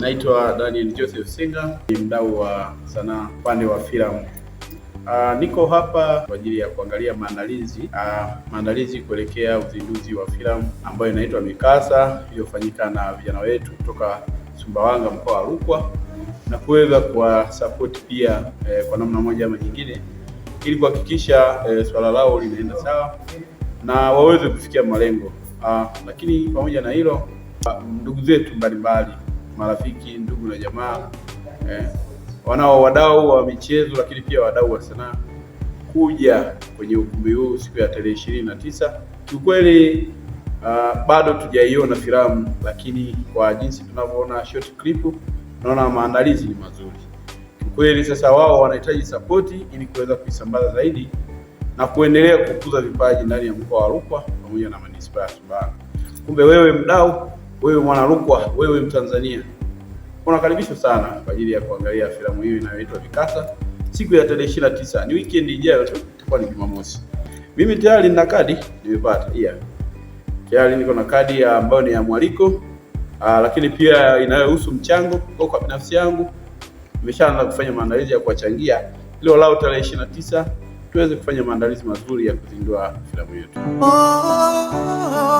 Naitwa Daniel Joseph Singa, ni mdau wa sanaa upande wa filamu. Uh, niko hapa kwa ajili ya kuangalia maandalizi uh, maandalizi kuelekea uzinduzi wa filamu ambayo inaitwa Mikasa iliyofanyika na vijana wetu kutoka Sumbawanga mkoa wa Rukwa na kuweza kuwasapoti pia eh, kwa namna moja ama nyingine ili kuhakikisha eh, swala lao linaenda sawa na waweze kufikia malengo uh, lakini pamoja na hilo ndugu zetu mbalimbali marafiki, ndugu na jamaa eh, wanao wadau wa michezo, lakini pia wadau wa sanaa kuja kwenye ukumbi huu siku ya tarehe ishirini na tisa. Kiukweli uh, bado tujaiona filamu, lakini kwa jinsi tunavyoona short clip, naona maandalizi ni mazuri kiukweli. Sasa wao wanahitaji sapoti ili kuweza kuisambaza zaidi na kuendelea kukuza vipaji ndani ya mkoa wa Rukwa pamoja na manispaa ya Sumbawanga. Kumbe wewe mdau wewe Mwanarukwa, wewe Mtanzania, unakaribishwa sana kwa ajili ya kuangalia filamu hiyo inayoitwa Vikasa siku ya tarehe ishirini na tisa. Ni weekend ijayo tu, itakuwa ni Jumamosi. Mimi tayari nina kadi nimepata, yeah. Tayari niko na kadi ambayo ni ya mwaliko Aa, ah, lakini pia inayohusu mchango kwa kwa binafsi yangu. Nimeshaanza kufanya maandalizi ya kuwachangia leo lao tarehe 29 tuweze kufanya maandalizi mazuri ya kuzindua filamu yetu. oh, oh, oh.